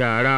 shara